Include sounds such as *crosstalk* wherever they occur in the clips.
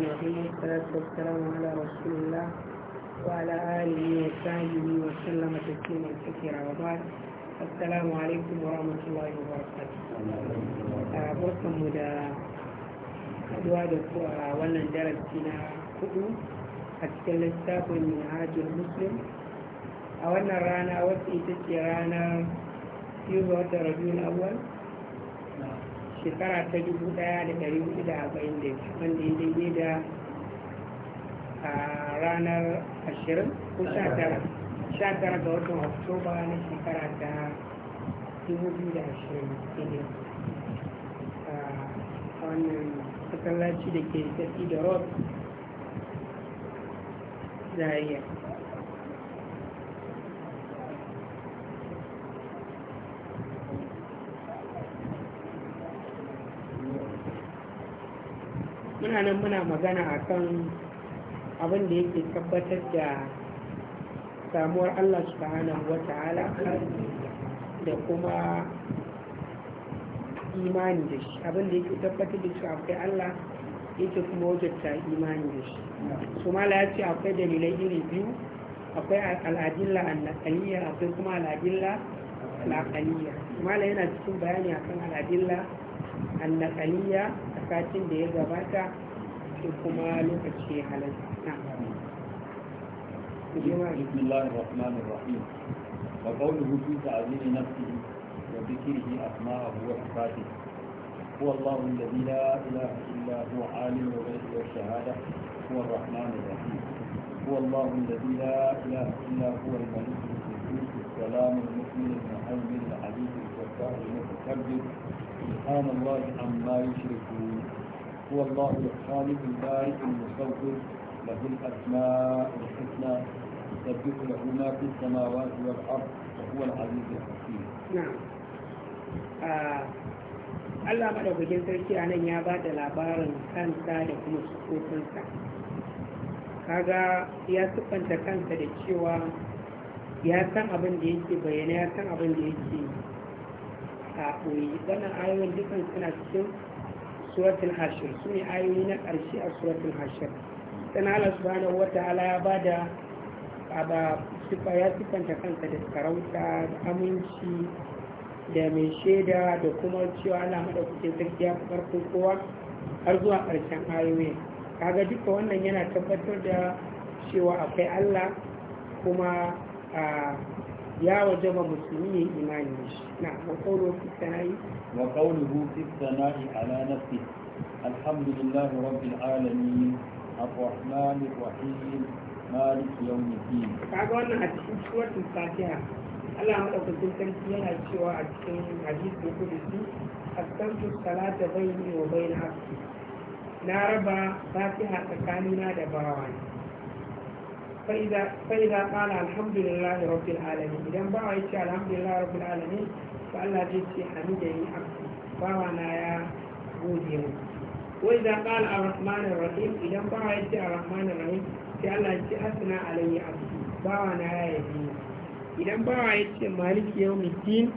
أجمعين والصلاة والسلام على رسول الله وعلى آله وصحبه وسلم تسليما كثيرا وبعد السلام عليكم ورحمة الله وبركاته بركم دا أدوار ولا درسنا كتب أتكلم الساق المنهاج المسلم أولنا رانا وسيتك رانا يوم وتربيون أول shekara ta dubu ɗaya da ɗari hudu da arba'in da wanda ya daidai da ranar ashirin ko sha tara sha tara ga watan oktoba na shekara ta dubu biyu da ashirin daidai a wannan masallaci da ke tafi da rob zariya muna nan muna magana akan abin da yake tabbatar da samuwar Allah subhanahu ta'ala da kuma imani da shi abin da yake tabbatar da shi akwai Allah yake kuma wajarta imani da shi su mala ya ce akwai dalilai iri biyu akwai al'adilla al'aqaliyya akwai kuma al'adilla al'aqaliyya mala yana cikin bayani akan al'adilla annaqaniya a katin da ya gabata da kuma lokaci ya halatta wa kawai da zikiri a kuma abuwa su fati ko Allah wanda zina ila illa huwa alim da zafi ko سلام المؤمن المحمد العزيز الجبار المتكبر سبحان الله عما يشركون هو الله الخالق البارئ المصور له الاسماء الحسنى يسبح له ما في السماوات والارض وهو العزيز الحكيم. نعم. Allah madaukakin sarki a nan ya ba da labarin kansa da kuma sukokinsa kaga ya siffanta kansa da cewa ya san abin da yake bayyana ya san abin da yake a ɓoye wannan ayoyin dukkan suna cikin suratul hashir su ne ayoyi na ƙarshe a suratul hashir sana Allah subhanahu wata ala ya ba da ba sifa ya sifanta kansa da karauta da aminci da mai shaida da kuma cewa Allah kuke sarki ya farko kowa har zuwa ƙarshen ayoyin kaga duka wannan yana tabbatar da cewa akwai Allah kuma ya wajaba musulmi ne imani da shi na maƙaunar fitanayi وقوله في الثناء على نفسه الحمد لله رب العالمين الرحمن الرحيم مالك يوم الدين kaga wannan a cikin suratul fatiha Allah sarki yana cewa a cikin hadisi kudusi astantu salata bayni wa bayna abdi na raba fatiha tsakanina da bawana فإذا قال الحمد لله رب العالمين إذا بقى يتشي الحمد لله رب العالمين فالله جيتشي حميده حمده بقى يا بوديه وإذا قال الرحمن الرحيم إذا بقى يتشي الرحمن الرحيم فالله جيتشي أثنى عليه عبده بقى يا يديه إذا بقى يتشي مالك يوم الدين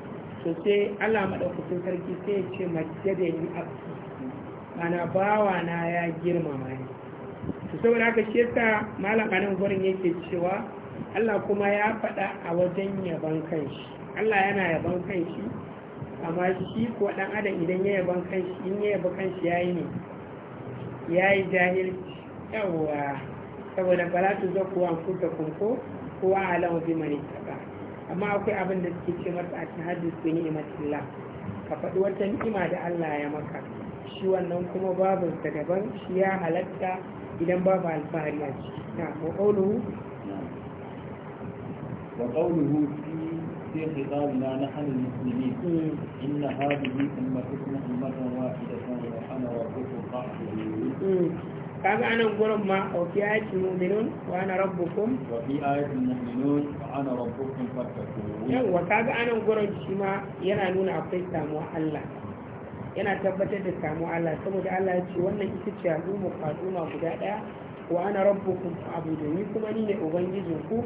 sosai Allah maɗaukacin sarki sai ya ce majjadani abdi mana bawa na ya girmama ni to saboda haka shi yasa malam anan gurin yake cewa Allah kuma ya faɗa a wajen yaban kanshi Allah yana yaban kanshi amma shi ko dan adam idan ya yaban kanshi in ya yaba kanshi yayi ne yayi jahilci yawa saboda bala zo zaku an kuka kunko kowa alamu bi mani taka amma akwai abin da suke ce masa a tahaddus bi ni'matillah ka faɗi wata ni'ima da Allah ya maka shi wannan kuma babinsa daban shi ya halatta idan babu alfahari a ciki na wa hu wa qawluhu fi khitabina nahnu muslimin hmm. inna hadhihi ummatukum ummatan wahidatan wa ana rabbukum fa'budu hmm. kaga anan gurin ma a fi ayatin mu'minun wa ana rabbukum wa fi ayatin mu'minun wa ana rabbukum fattaqun yawa kaga anan gurin shi ma yana nuna akwai samuwa Allah yana tabbatar da samu Allah saboda Allah ya ce wannan ita ce al'umma al'umma guda ɗaya wa ana rabbukum fa'budu ni kuma ni ne ubangijin ku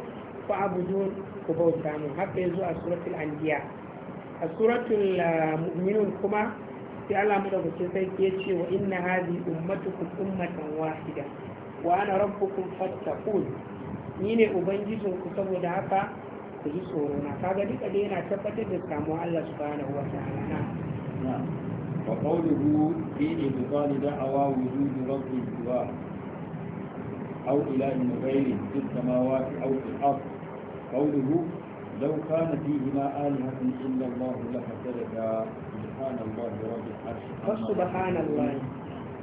fa'budu ku bauta mu haka yazo a suratul anbiya a suratul eh, mu'minun kuma sai Allah mu da ku sai ke ce wa inna hadhi ummatukum ummatan wahida wa ana rabbukum fattaqun ni ne ubangijin ku saboda haka ku ji tsoro na kaga duka dai yana tabbatar da samu Allah subhanahu wa ta'ala na وقوله في إبطال دعوى وجود رب سواه أو إله غيره في السماوات أو في الأرض قوله لو كان فيهما آلهة إلا الله لفسدتا سبحان الله رب العرش فسبحان الله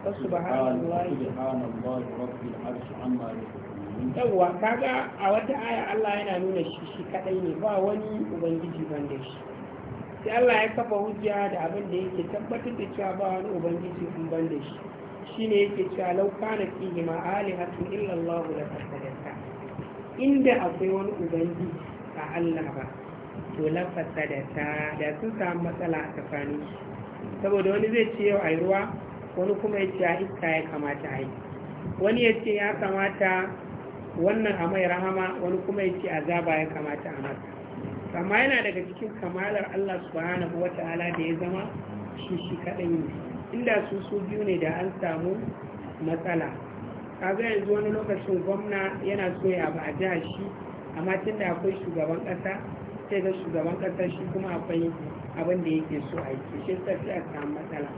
فسبحان الله سبحان الله رب العرش عما يشركون yawwa kaga a wata aya Allah yana nuna shi shi kadai ne ba wani ubangiji ban da shi sai Allah ya kafa hujja da abin da yake tabbatar da cewa ba wani ubangiji in ban da shi shine yake cewa law kana fi ma alihatun illa Allah la fasadata inda akwai wani ubangiji ba Allah ba to la fasadata da sun samu matsala a tsakanin saboda wani zai ce yau ai ruwa wani kuma ya ce a iska ya kamata a yi wani ya ce ya kamata wannan a mai rahama wani kuma ya ce azaba ya kamata a mata amma yana daga cikin kamalar Allah subhanahu wa ta'ala da ya zama shi shi kaɗai ne inda su su biyu ne da an samu matsala kaga yanzu wani lokacin gwamna yana so ya ba a shi amma tun da akwai shugaban ƙasa sai ga shugaban ƙasa shi kuma akwai abin da yake so a yi shi sa sai a samu matsala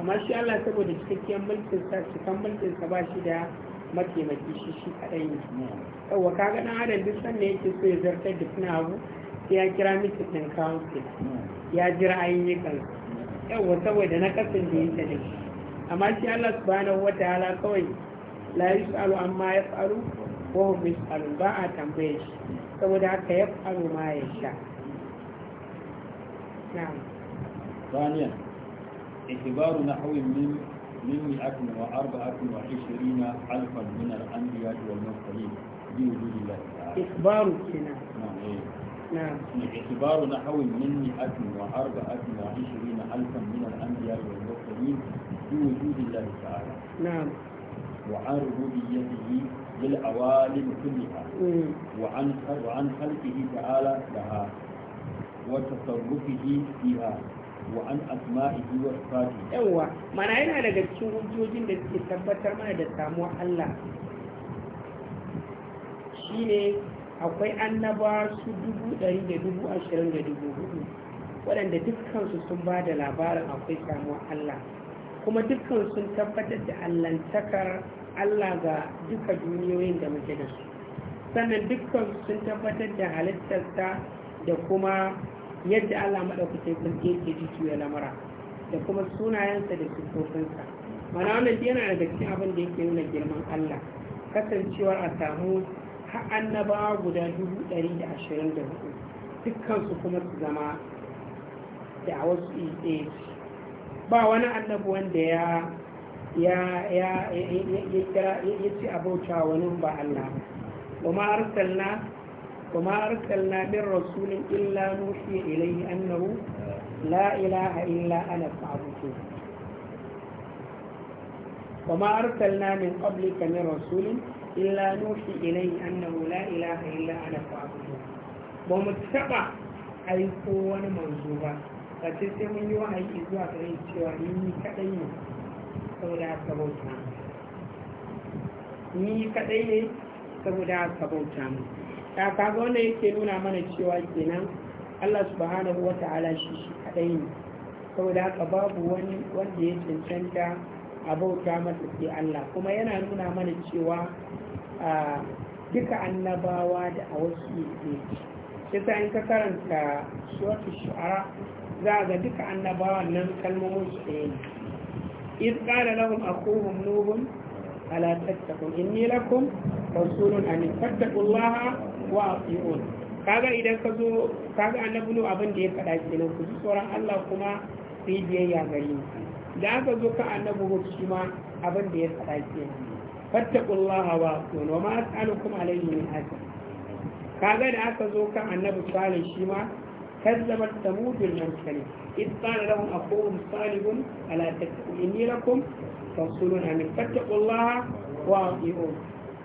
amma shi Allah saboda cikakken mulkin sa cikan mulkin sa ba shi da mataimaki shi shi kaɗai ne yawwa kaga ɗan adam duk sanda yake so ya zartar da suna abu ya kira miki council ya jira ayyukan yawa saboda na kasan da yake da amma shi Allah subhanahu wa ta'ala kawai la yus'alu amma yaf'alu wa hum yus'alun ba a tambaye shi saboda haka yaf'alu ma yasha na'am ثانيا اعتبار نحو من من مئة وأربعة وعشرين ألفا من الأنبياء والمرسلين بوجود الله تعالى إخبار كنا نعم باعتبار نحو من 124 ألفا من الأنبياء والمرسلين بوجود الله تعالى نعم وعن ربوبيته للعوالم كلها وعن وعن خلقه تعالى لها وتصرفه فيها وعن أسمائه وصفاته يوا ما أنا هنا لقد شو وجودين da suke tabbatar mana da samuwar Allah shine akwai annaba su dubu ɗari da dubu ashirin da dubu hudu waɗanda dukkansu sun ba da labarin akwai samuwar Allah kuma dukkan sun tabbatar da allantakar Allah ga duka duniyoyin da muke da su sannan dukkan sun tabbatar da halittarsa da kuma yadda Allah maɗaukacin sun yake jiki ya lamura da kuma sunayensa da siffofinsa mana wannan yana daga cikin abin da yake nuna girman Allah kasancewar a samu har annaba guda dubu ɗari da ashirin da hudu dukkansu kuma su zama da wasu ɗaya ba wani annabu wanda ya ya ya ya kira ya ci abauta wani ba Allah kuma arsalna kuma arsalna min rasulin illa nuhi ilayhi annahu la ilaha illa ana fa'budu wa ma arsalna min qablika min rasulin illa nuhi ilayhi annahu la ilaha illa ana fa'budu ba mu taba aiko wani manzo ba a ce sai mun yi wahayi zuwa gare cewa ni ni kadai ne saboda haka bauta mu ta wanda yake nuna mana cewa kenan Allah subhanahu wa ta'ala shi shi kadai ne saboda haka babu wani wanda ya cancanta a bauta masa ce Allah kuma yana nuna mana cewa duka annabawa da a wasu yake. shi ta ka karanta suwatu shu'ara za a ga duka annabawan nan kalmomin su ɗaya ne إذ قال لهم أخوهم in ألا تتقون إني لكم رسول أمين فاتقوا الله وأطيعون kaga idan ka zo kaga annabi nu abin da ya faɗa kenan ku ji tsoron Allah kuma sai biyayya gare ni da aka zo ka Annabi ba shi ma abin da ya faɗa ke fattakun laha ba su ne ma tsanin kuma alayhi ne haka kaga da aka zo ka Annabi tsarin shi ma kan zama samudin nan kane in tsara da wani akwai misalin alatattu in yi rakun fasulun amin fattakun laha wa iho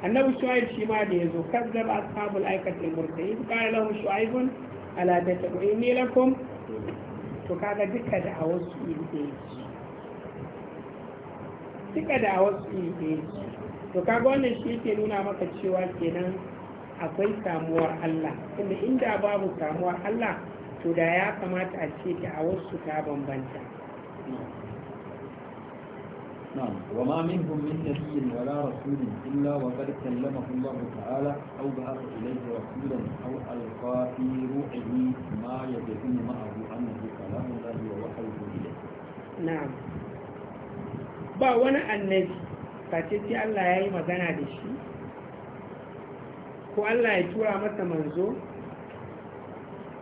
annabu shuayib shi ma da ya zo kan zama asabul aikatin murtai in tsara da wani shuayibun alatattu in yi rakun to kaga duka da a wasu ilimin shi duka da wasu iri to kaga wannan shi yake nuna maka cewa kenan akwai samuwar Allah inda inda babu samuwar Allah to da ya kamata a ce da a wasu ta bambanta نعم وما منهم من نبي ولا رسول إلا وقد كلمه الله تعالى أو بعث إليه رسولا أو ألقى في روحه ما يدعون معه أنه كلام الله ووحيه إليه نعم ba wani annabi facece Allah ya yi magana da shi ko Allah ya tura masa manzo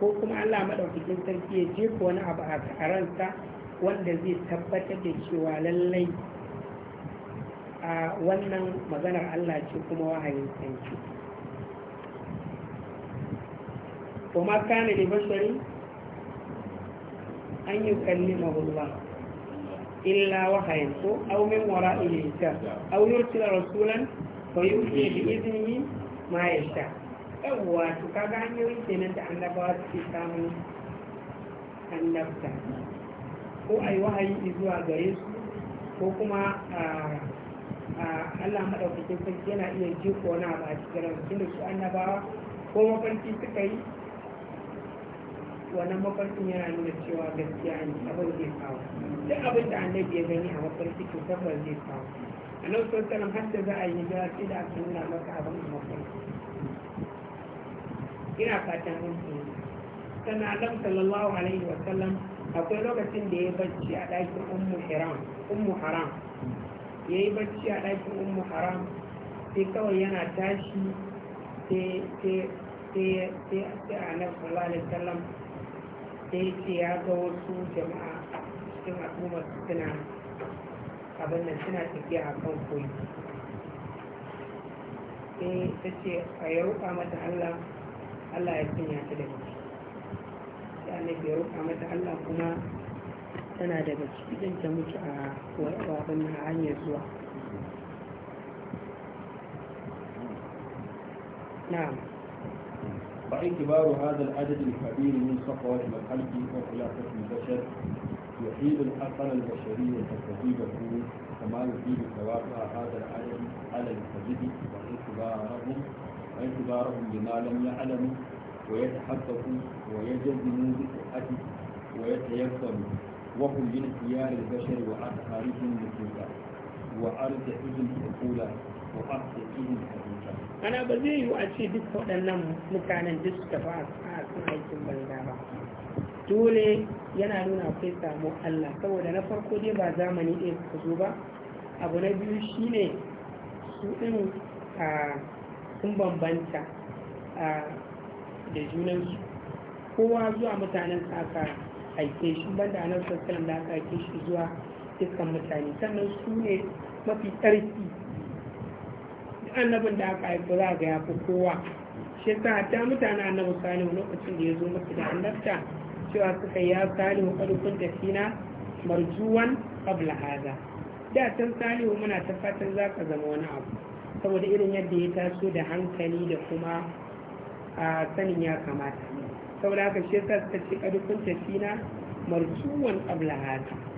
ko kuma Allah maɗaukikin sarki ya jefa wani abu a ransa wanda zai tabbatar da cewa lallai a wannan maganar Allah ce kuma wahayin sarki kuma kane da bashari an yi kalli mahullah illa wahayin ko aw min wara'i hijab aw yursila rasulan fa yuhi bi iznihi ma yasha yawwa to kaga hanyoyi kenan da annabawa suke samun annabta ko ai wahayi zuwa gare su ko kuma Allah maɗaukakin sarki yana iya jiko na ba a cikin rantsin da su annabawa ko mafarki suka wannan mafarkin yana nuna cewa gaskiya ne abin zai kawo duk abin da annabi ya gani a mafarki to tabbas zai kawo a nan sun sanar har da za a yi jira sai da aka nuna maka abin da mafarki ina fatan mun fahimta sannan annabi sallallahu alaihi wa sallam akwai lokacin da ya bacci a ɗakin ummu haram ummu haram ya yi bacci a ɗakin ummu haram sai kawai yana tashi sai sai ya ce a nan sallallahu alaihi sai ce ya ga wasu jama'a cikin al'ummar suna abin nan suna tafiya a kan koyi sai ta ce a ya roƙa mata Allah Allah ya sanya ta daga ciki sai annabi ya roƙa mata Allah kuma tana daga ciki don ta mutu a abin na hanyar zuwa na'am فاعتبار هذا العدد الكبير من صفوة الخلق وخلافة البشر يحيل البشرية البشري فيه كما يحيل توافع هذا العدد على الكذب واعتبارهم واعتبارهم بما لم يعلموا ويتحقق ويجزم بصحته ويتيسر وهم من خيار البشر وأطهارهم للسلطة وأرجحهم عقولا وأصدقهم حديثا ana ba zai yi a ce duk waɗannan mutanen duk suka ba a sun aikin banza ba dole yana nuna akwai samu Allah saboda na farko dai ba zamani ɗaya suka zo ba abu na biyu shine su ɗin sun bambanta da junansu kowa zuwa mutanen aka aike shi banda a nan sassan da aka aike shi zuwa dukkan mutane sannan su ne mafi ƙarfi annabin da aka haifu za ga ya fi kowa shi sa hatta mutane annabi salihu lokacin da ya zo masu da annabta cewa suka yi ya salihu kadukun da fina marjuwan qabla haza da san salihu muna ta fatan za ka zama wani abu saboda irin yadda ya taso da hankali da kuma a sanin ya kamata saboda haka shi sa suka ce kadukun da fina marjuwan qabla haza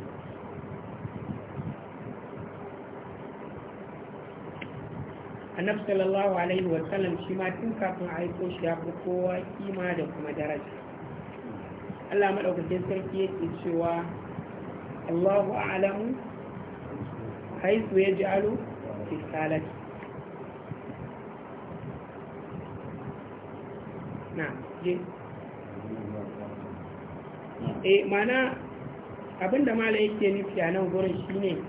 annabi sallallahu alaihi wa sallam shi ma tun kafin a aiko shi ya fi kowa kima da kuma daraja Allah madaukakin sarki yake cewa Allahu a'lamu haythu yaj'alu risalati na je eh mana abinda malai yake nufi a nan gurin shine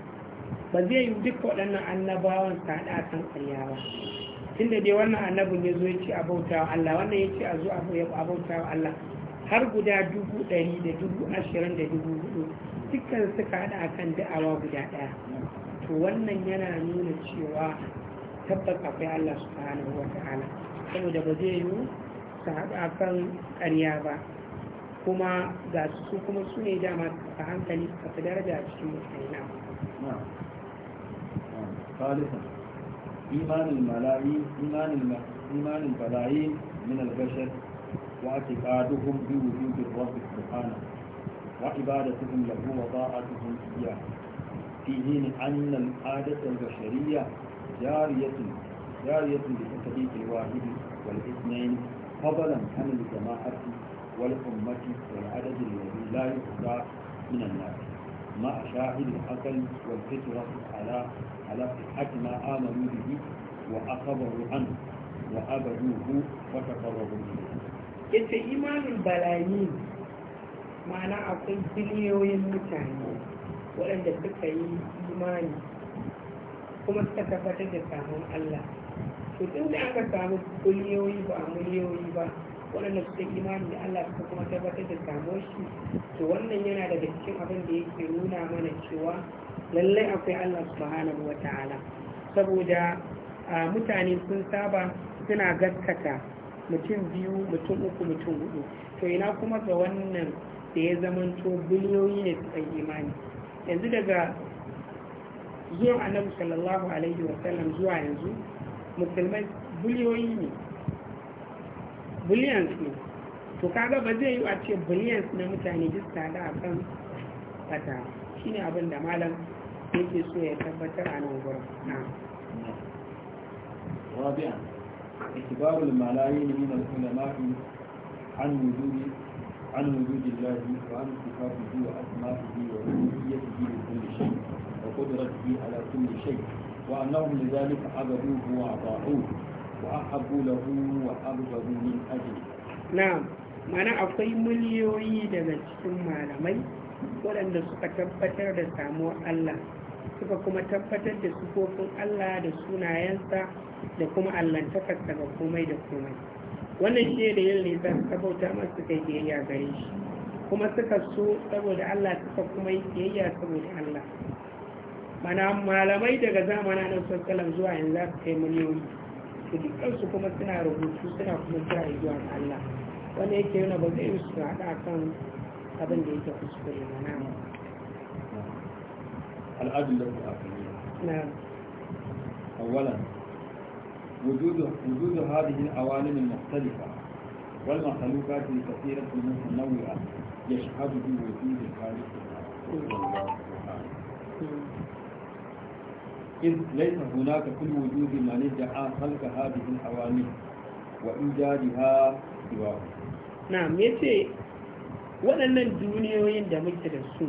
ba zai yi duk waɗannan annabawan kaɗa kan ƙarya ba tun da dai wannan annabin ya zo ya ce abauta wa Allah wannan ya ce a zo abauta wa Allah har guda dubu ɗari da dubu ashirin da dubu hudu dukkan su kaɗa a akan da'awa guda ɗaya to wannan yana nuna cewa tabbas akwai Allah subhanahu wa ta'ala saboda ba zai yi su haɗu akan ƙarya ba kuma ga su kuma su ne dama a hankali a fi daraja a cikin mutane na ثالثا إيمان الملايين إيمان الم... إيمان الملايين من البشر واعتقادهم بوجود الرب سبحانه وعبادتهم له وطاعتهم إياه في حين أن العادة البشرية جارية جارية لتحقيق الواحد والاثنين فضلا عن الجماعة والأمة والعدد الذي لا يحصى من الناس مع شاهد الحسن والفتوى على على صحة ما آمنوا به وأخبروا عنه وأبدوه وتقربوا إليه. إذا إيمان البلايين ma'ana akwai biliyoyin mutane waɗanda suka yi imani kuma suka tabbatar da samun Allah to tun da aka samu biliyoyi ba miliyoyi ba waɗanda suka imani da Allah suka kuma tabbatar da samuwar shi to wannan yana daga cikin abin da yake nuna mana cewa lallai akwai Allah subhanahu wa ta'ala saboda mutane sun saba suna gaskata mutum biyu mutum uku mutum hudu to ina kuma ga wannan da ya zamanto biliyoyi ne suka imani yanzu daga zuwan annabi sallallahu alaihi wa sallam zuwa yanzu musulmai biliyoyi ne billions ne to kaga ba zai yi a ce billions na mutane duk tada a kan fata shi ne abin da malam yake so ya tabbatar a nan gurin na rabia اعتبار الملايين من العلماء عن وجود عن وجود da وعن صفاته واسمائه وربوبيته لكل شيء وقدرته على كل شيء وانهم لذلك عبدوه واطاعوه وأحب له وأبغض من أجله نعم mana akwai miliyoyi daga cikin malamai waɗanda suka tabbatar da samuwar Allah suka kuma tabbatar da sufofin Allah da sunayensa da kuma allantakarsa ga komai da komai wannan shi da yin nisan sabauta masu yi biyayya gare shi kuma suka so saboda Allah suka kuma yi biyayya saboda Allah mana malamai daga zamanin sallallahu zuwa yanzu za su kai miliyoyi to dukkansu kuma suna rubutu suna kuma kira zuwa ga Allah wanda yake yana ba zai su haɗa kan abin da yake kuskure na nan al'adun da ku na أولا وجود وجود هذه العوالم المختلفة والمخلوقات الكثيرة المتنوعة يشهد بوجود الخالق سبحانه إذ ليس هناك كل وجود ما ادعى خلق هذه الحوامل وإيجادها سواه نعم يتي waɗannan duniyoyin da muke da su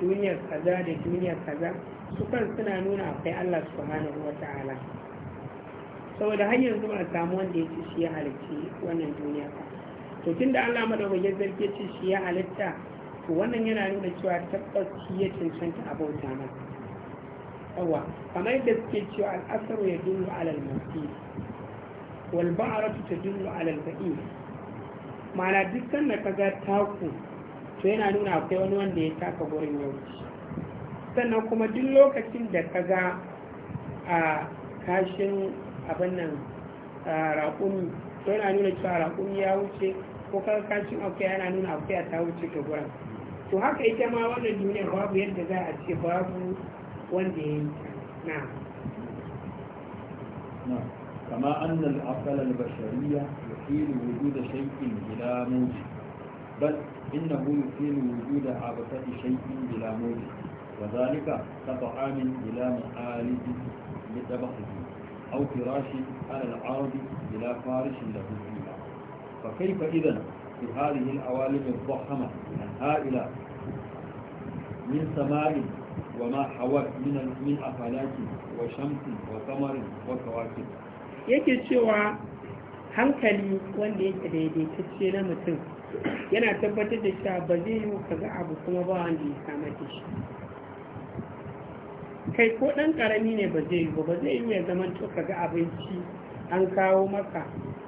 duniyar kaza da duniyar kaza sukan suna nuna akwai Allah wa ta'ala saboda har yanzu a samu wanda ya shi ya to tunda Allah ya zarge ci shi ya halitta to wannan yana nuna cewa tabbas shi ya cancanta a bauta yawa kamar yadda suke cewa al'asaru ya dullu alal mafi wal ba'aratu ta dullu alal ba'i ma'ana duk sanda taku to yana nuna akwai wani wanda ya taka gurin ya sannan kuma duk lokacin da kaga ga a kashin abin nan raƙumi to ya wuce ko kashin akwai yana nuna akwai ta wuce ta to haka ita ma wannan duniyar babu yadda za a ce babu wanda ya yi na kama an nan akalar bashariya ya fi rubutu da shaikin gida moji bal inna hu yufilu wujuda abata shay'in bila mawdi wa zalika ka ta'amin bila ma'alidi li tabahi aw firashi ala al-ardi bila farishin da hudi fa kayfa idan fi hadhihi al-awalim al-dhahama al-ha'ila min sama'in وما حوت من من افلاك وشمس وقمر وكواكب yake cewa hankali wanda yake daidaitacce na mutum yana tabbatar da cewa ba zai yi ka ga abu kuma ba wanda ya kama da shi kai ko ɗan ƙarami ne ba zai yi ba ba zai yi ya zama to ka ga abinci an kawo maka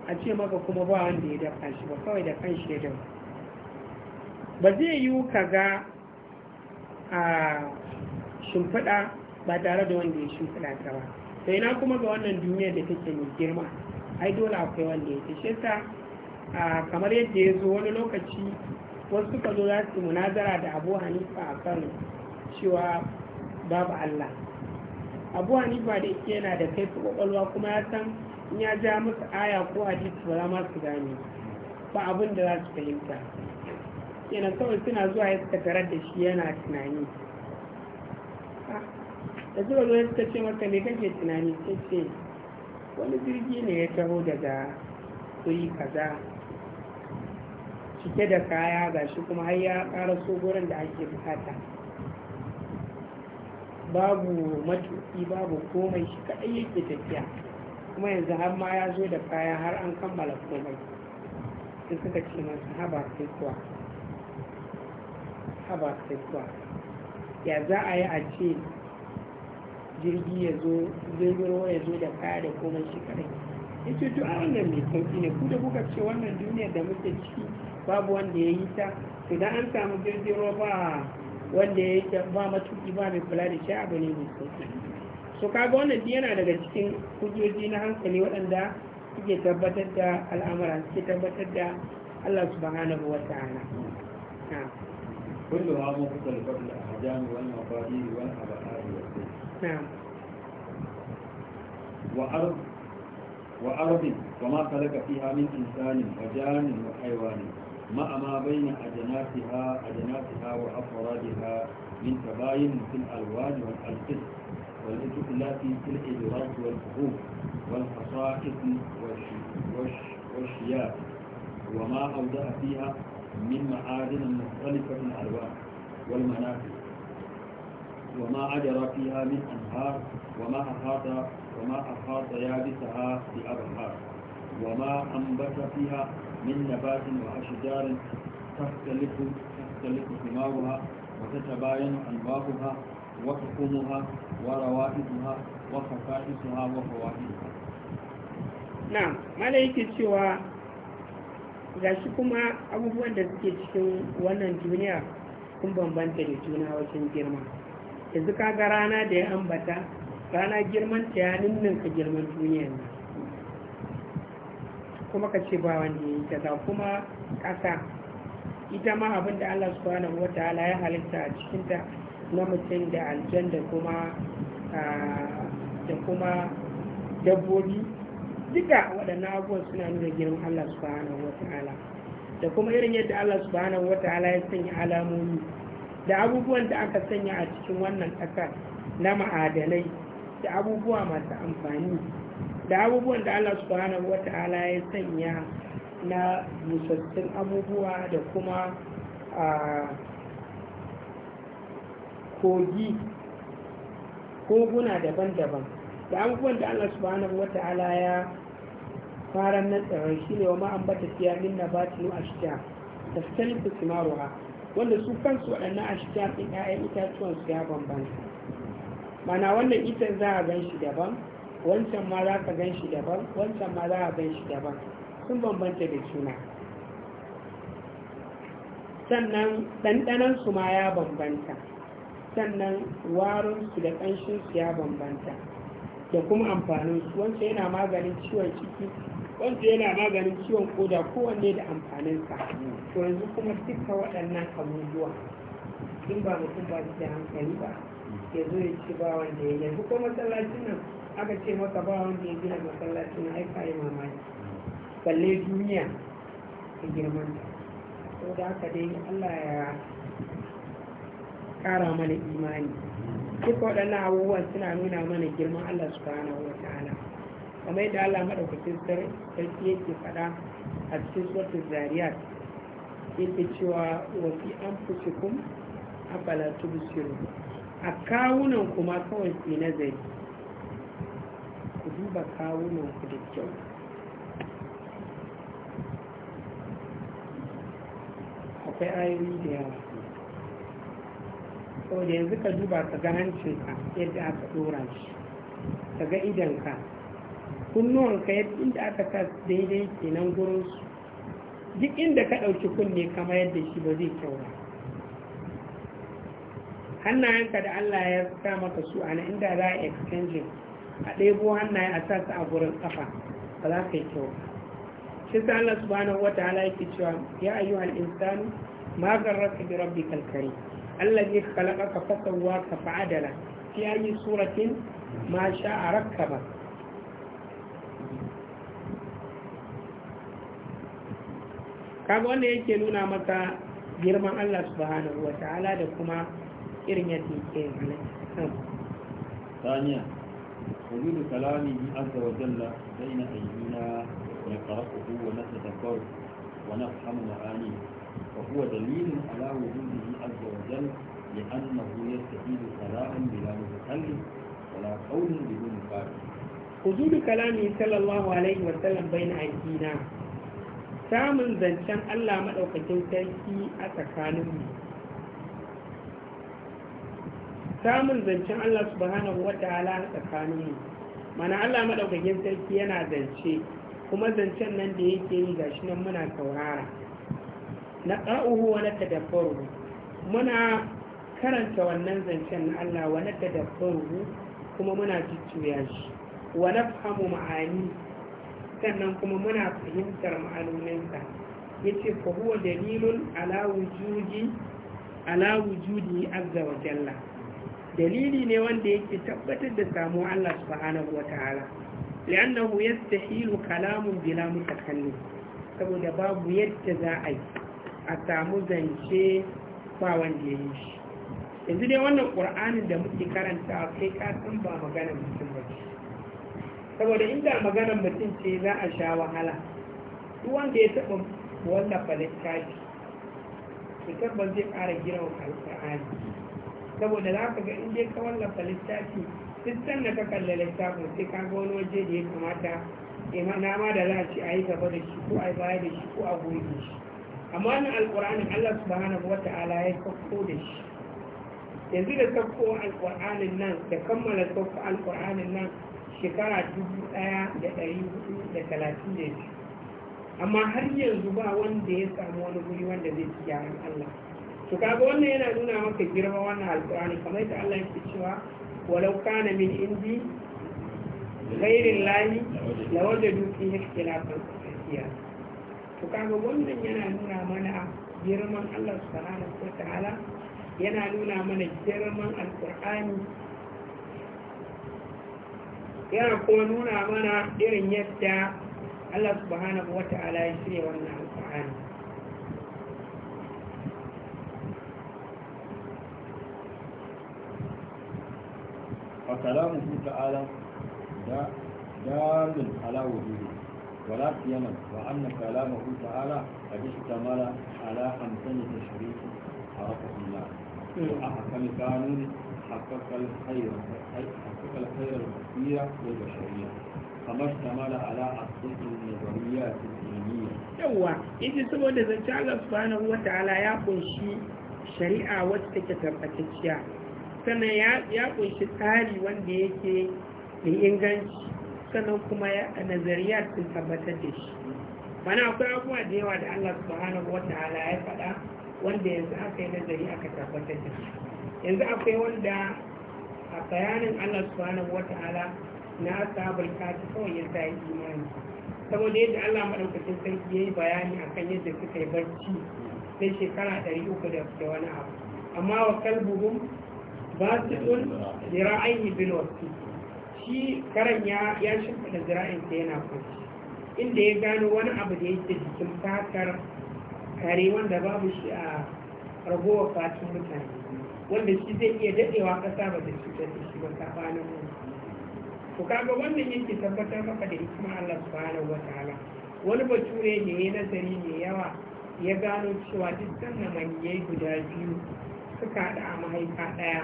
a ce maka kuma ba wanda ya dafa shi ba kawai da kan shi ya dafa ba zai yi ka ga a shimfiɗa ba tare da wanda ya shimfiɗa ta ba Sai na kuma ga wannan duniyar da take mai girma ai dole akwai wanda ya tashe ta kamar yadda ya zo wani lokaci wasu suka zo za su munazara da abu hanifa a kan cewa babu allah abu hanifa da yake yana da kai kwakwalwa kuma ya san in ya ja musu aya ko hadisi ba za ma su gane ba abin da za su fahimta kenan kawai suna zuwa ya suka tarar da shi yana tunani da zuwa ya suka ce maka ne kake tunani ce ce wani jirgi ne ya taho daga kuri kaza cike da kaya ga shi kuma har ya ƙara gurin da ake bukata babu matuƙi babu komai shi kaɗai yake tafiya kuma yanzu har ma ya zo da kaya har an kammala komai sai suka ce masu haba sai kuwa haba ya za a yi a ce jirgi ya zo jirgin ruwa ya zo da kaya da komai shi kadai ya ce to a wannan mai sauki ne ku da kuka ce wannan duniyar da muke ciki babu wanda ya yi ta to dan an samu jirgin ruwa ba wanda ya yi ta ba matuki ba mai kula da shi abu ne mai sauki so kaga wannan yana daga cikin hujjoji na hankali waɗanda suke tabbatar da al'amura suke tabbatar da Allah subhanahu wa ta'ala كلها مختلفة في الأحجام والمقادير والأبعاد نعم وأرض وأرض وما خلق فيها من إنسان وجان وحيوان مع ما بين أجناسها أجناسها وأفرادها من تباين في الألوان والألقاب التي في الإدراك والفهوم والخصائص والشياء وما أودع فيها من معادن مختلفة الألوان والمنافذ وما أجرى فيها من أنهار وما أحاط وما أحاط يابسها بأبهار وما أنبت فيها من نبات وأشجار تختلف تختلف ثمارها وتتباين أنواعها وتقومها وروائدها وخصائصها وفوائدها نعم ما ليك سوى gashi kuma abubuwan da suke cikin wannan duniya sun bambanta da juna wajen girma yanzu ga rana da ya ambata rana girman ta ya ka girman duniya ne kuma ka ce ba wanda ya yi ta kuma ƙasa ita ma abin da Allah subhanahu wa ta'ala ya halitta a cikinta na mutum da aljan da kuma ah, dabbobi duka waɗannan abubuwan suna nuna girman Allah subhanahu wa ta'ala da kuma irin yadda Allah subhanahu wa ta'ala ya sanya alamomi da abubuwan da aka sanya a cikin wannan ƙasa na ma'adanai da abubuwa masu amfani da abubuwan da Allah subhanahu wa ta'ala ya sanya na musassun abubuwa da kuma kogi koguna daban-daban da abubuwan da Allah subhanahu wa ta'ala ya faran na shi ne wa ma'ambata fiya min nabatin ashkiya da salifu simaruwa wanda su kansu waɗannan ashkiya ɗin 'ya'yan itatuwan su ya bambanta mana wannan ita za a gan shi daban wancan ma za ka gan shi daban wancan ma za a gan shi daban sun bambanta da juna sannan su ma ya bambanta sannan su da ƙanshinsu ya bambanta da kuma amfaninsu wancan yana maganin ciwon ciki wanda yana maganin ciwon koda kowanne da amfaninsa to yanzu kuma duka waɗannan abubuwa in ba mutum ba da hankali ba ya zo ya ci ba wanda ya yanzu ko masallacin nan aka ce maka ba wanda ya gina masallacin nan aika yi mamaki balle duniya ta girman ta da haka dai allah ya kara mana imani duka waɗannan abubuwan suna nuna mana girman allah subhanahu wa ta'ala kamar yadda Allah madaukakin sarki yake fada a cikin suratul zariyat yake cewa wa fi anfusikum afala tubsirun a kawunan kuma kawai ku nazari ku duba kawunan ku da kyau akwai ayoyi da yawa saboda yanzu ka duba ka ga hancinka yadda aka ɗora shi ka ga idanka kunnuwanka inda aka sa daidai kenan gurin su duk inda ka ɗauki kunne kama yadda shi ba zai kyau ba hannayenka da Allah ya sa maka su a inda za a exchange a ɗebo hannaye a sa su a gurin ƙafa ba za ka yi kyau ba shi sa Allah subhanahu wa ta'ala yake cewa ya ayyu al insanu ma garraka bi rabbikal karim allazi khalaqaka ka fa'adala fi ayi suratin ma sha'a rakkaba kaga wanda yake nuna maka girman Allah subhanahu wa ta'ala da kuma irin yadda yake yanzu taniya wajudu kalami ni azza wa jalla baina ayyina ya qara'uhu wa natadabbaru wa nafhamu ma'ani fa huwa dalilun ala wujudi ni azza wa jalla li annahu yastahil kalaman bila mutakallim wa la qawlan bidun fa'il wujudu kalami sallallahu alaihi wa sallam baina ayyina samun zancen Allah maɗaukakin sarki a tsakaninmu samun zancen Allah subhanahu wa ta'ala a tsakaninmu mana Allah maɗaukakin sarki yana zance kuma zancen nan da yake yi ga shi nan muna saurara na ƙa'uhu wa na tadabbaru muna karanta wannan zancen na Allah wa na tadabbaru kuma muna jujjuya shi wa na fahimu ma'ani sannan kuma muna fahimtar ma'anoninsa ya ce fa huwa dalilun ala wujudi ala azza wa jalla dalili ne wanda yake tabbatar da samu Allah subhanahu wataala li'annahu yastahilu kalamun bila mutakallim saboda babu yadda za a yi a samu zance ba wanda ya shi yanzu dai wannan ƙur'anin da muke karanta kai kasan ba magana mutum saboda inda maganar mutum ce za a sha wahala Su wanda ya taɓa wallafa littafi su tabbas zai ƙara girma alƙur'ani saboda za ka ga in dai ka wallafa littafi duk da ka kalla littafin sai ka ga wani waje da ya kamata eh, na ma da za a ci a yi gaba da shi ko a yi baya da shi ko a goge shi amma wannan alƙur'anin Allah subhanahu wa ta'ala ya sauko da shi yanzu da sauko alƙur'anin nan da kammala sauko alƙur'anin nan shekara dubu ɗaya da ɗari hudu da talatin da biyu amma har yanzu ba wanda ya samu wani guri wanda zai ci yaran Allah to kaga wannan yana nuna maka girma wannan alƙur'ani kamar yadda Allah ce cewa walau kana min indi ghairin lahi la wajadu fi ikhtilafan kathira to kaga wannan yana nuna mana girman Allah subhanahu wa ta'ala yana nuna mana girman alƙur'ani yana kuma nuna mana irin yadda Allah subhanahu wata'ala ya shirya wannan alfahari a kalamun ta'ala da dalil ala wujudu ولا سيما وأن كلامه تعالى قد اشتمل على خمسين تشريف عرفه a وأحكم قانون حقق الخير حقق الخير الوسيع للبشرية فما اشتمل على أصدق النظريات العلمية يوا إذا سبب ذلك الله سبحانه وتعالى يقول شيء shari'a wacce take tabbatacciya sannan ya kunshi tsari wanda yake mai inganci sannan kuma nazariya sun tabbatar da shi mana akwai abubuwa da yawa da Allah subhanahu wa ya faɗa wanda yanzu aka yi nazari aka tabbatar da shi yanzu akwai wanda a bayanin Allah subhanahu ta'ala na ashabul kati kawai ya sa imani saboda yadda Allah maɗaukacin sarki ya yi bayani a kan yadda suka yi barci sai shekara ɗari uku da wani abu amma wa kalbuhum zira'ai ne bin wasu. shi karan ya ya shimfida zira'in sa yana kwanci inda ya gano wani abu da yake jikin fatar kare wanda babu shi a ragowar fatin mutane wanda shi zai iya dadewa kasa ba da cutar da shi ba ta bani mu Ku kaga wannan yake tabbatar maka da hikima Allah subhanahu wataala wani bature ne ya nazari mai yawa ya gano cewa duk sannan maniyai guda biyu suka haɗa a mahaifa ɗaya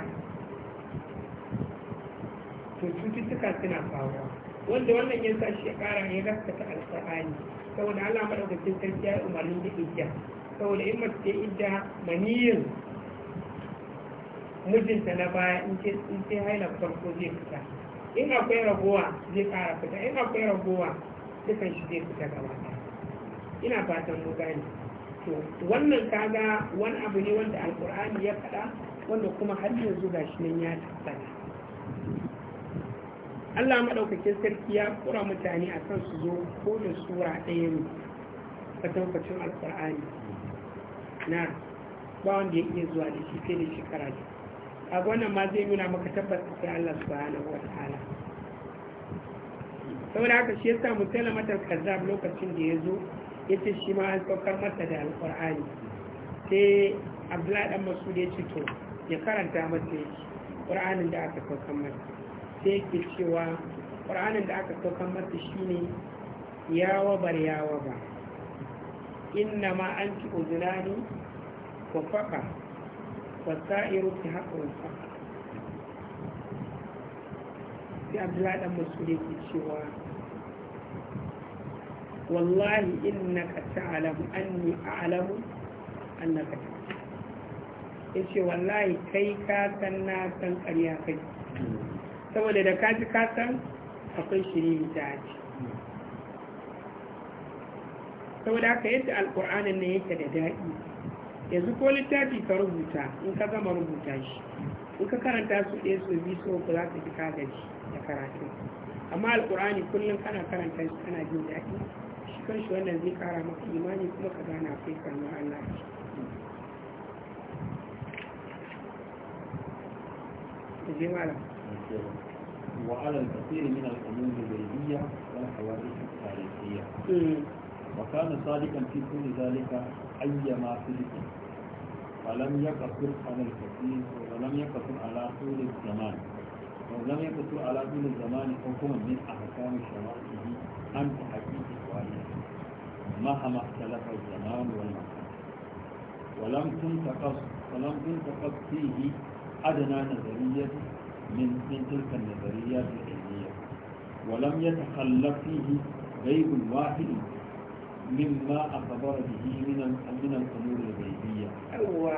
to cututtuka suna faruwa wanda wannan ya sa shi ya ƙara ya gaskata alƙur'ani saboda Allah madaukakin sarki ya umarni da idda saboda in mace idda maniyin mijinta na baya in ce hailar farko zai fita in akwai ragowa zai fara fita in akwai ragowa dukan shi zai fita gaba ina fatan mu gane to wannan kaga wani abu ne wanda alkur'ani ya faɗa wanda kuma har yanzu ga shi nan ya tabbata Allah maɗaukakin sarki ya kura mutane akan kan su zo ko da sura ɗaya ne kwatankwacin alkur'ani na ba wanda ya iya zuwa da shi sai da shekara ne a wannan ma zai nuna maka tabbas sai Allah subhanahu wataala saboda haka shi yasa musalama mata kazzab lokacin da ya zo ya ce shi ma an saukar masa da alƙur'ani sai abdullahi dan masud ya ce to ya karanta masa ya ci ƙur'anin da aka saukar masa sai yake cewa ƙur'anin da aka saukar masa shine ya wabar ya waba inna ma an ci uzunani wa faqa والسائر في حق الحق في عبد الله في الشوار والله إنك تعلم أني أعلم أنك تعلم yace wallahi kai ka san na san ƙarya kai saboda da kaji ka san akwai shiri ta ce saboda haka yadda alƙur'anin ne yake da daɗi yanzu ko littafi ka rubuta in ka gama rubuta shi in ka karanta su ɗaya su biyu su uku za ka ji ka gaji da karatu amma alkur'ani kullum kana karanta shi kana jin daɗi shi kanshi wannan zai kara maka imani kuma ka gana akwai kalmar Allah je malam وعلى الكثير من الأمور الغيبية والحوادث التاريخية وكان صادقا في كل ذلك أيما صدق فلم يقصر على الكثير ولم يقصر على طول الزمان ولم يقصر على طول الزمان حكم من أحكام شرائعه عن تحقيق إخوانه مهما اختلف الزمان والمكان ولم تنتقص ولم تنتقص فيه أدنى نظرية من من تلك النظريات العلمية ولم يتخلف فيه غيب واحد mimma akhbara bihi min a amr al-umur al-ghaybiyya yawa